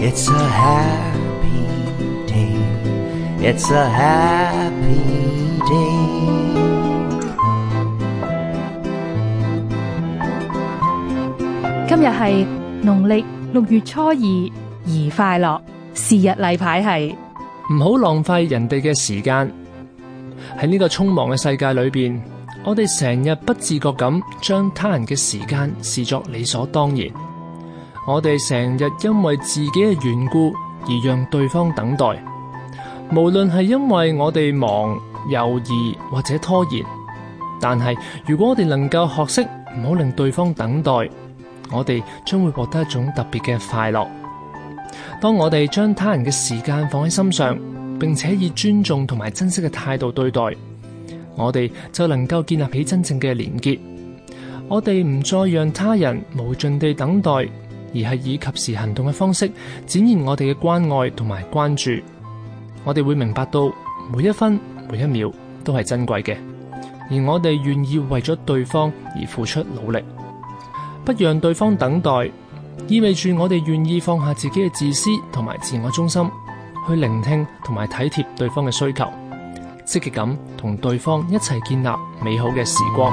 It's a happy day. It's a happy day. 今日係農曆六月初二，宜快樂。是日例牌係，唔好浪費人哋嘅時間。喺呢個匆忙嘅世界裏邊，我哋成日不自覺咁將他人嘅時間視作理所當然。我哋成日因為自己嘅緣故而讓對方等待，無論係因為我哋忙、猶豫或者拖延。但係如果我哋能夠學識唔好令對方等待，我哋將會獲得一種特別嘅快樂。當我哋將他人嘅時間放喺心上，並且以尊重同埋珍惜嘅態度對待，我哋就能夠建立起真正嘅連結。我哋唔再讓他人無盡地等待。而係以及時行動嘅方式展現我哋嘅關愛同埋關注，我哋會明白到每一分每一秒都係珍貴嘅，而我哋願意為咗對方而付出努力，不讓對方等待，意味住我哋願意放下自己嘅自私同埋自我中心，去聆聽同埋體貼對方嘅需求，積極咁同對方一齊建立美好嘅時光。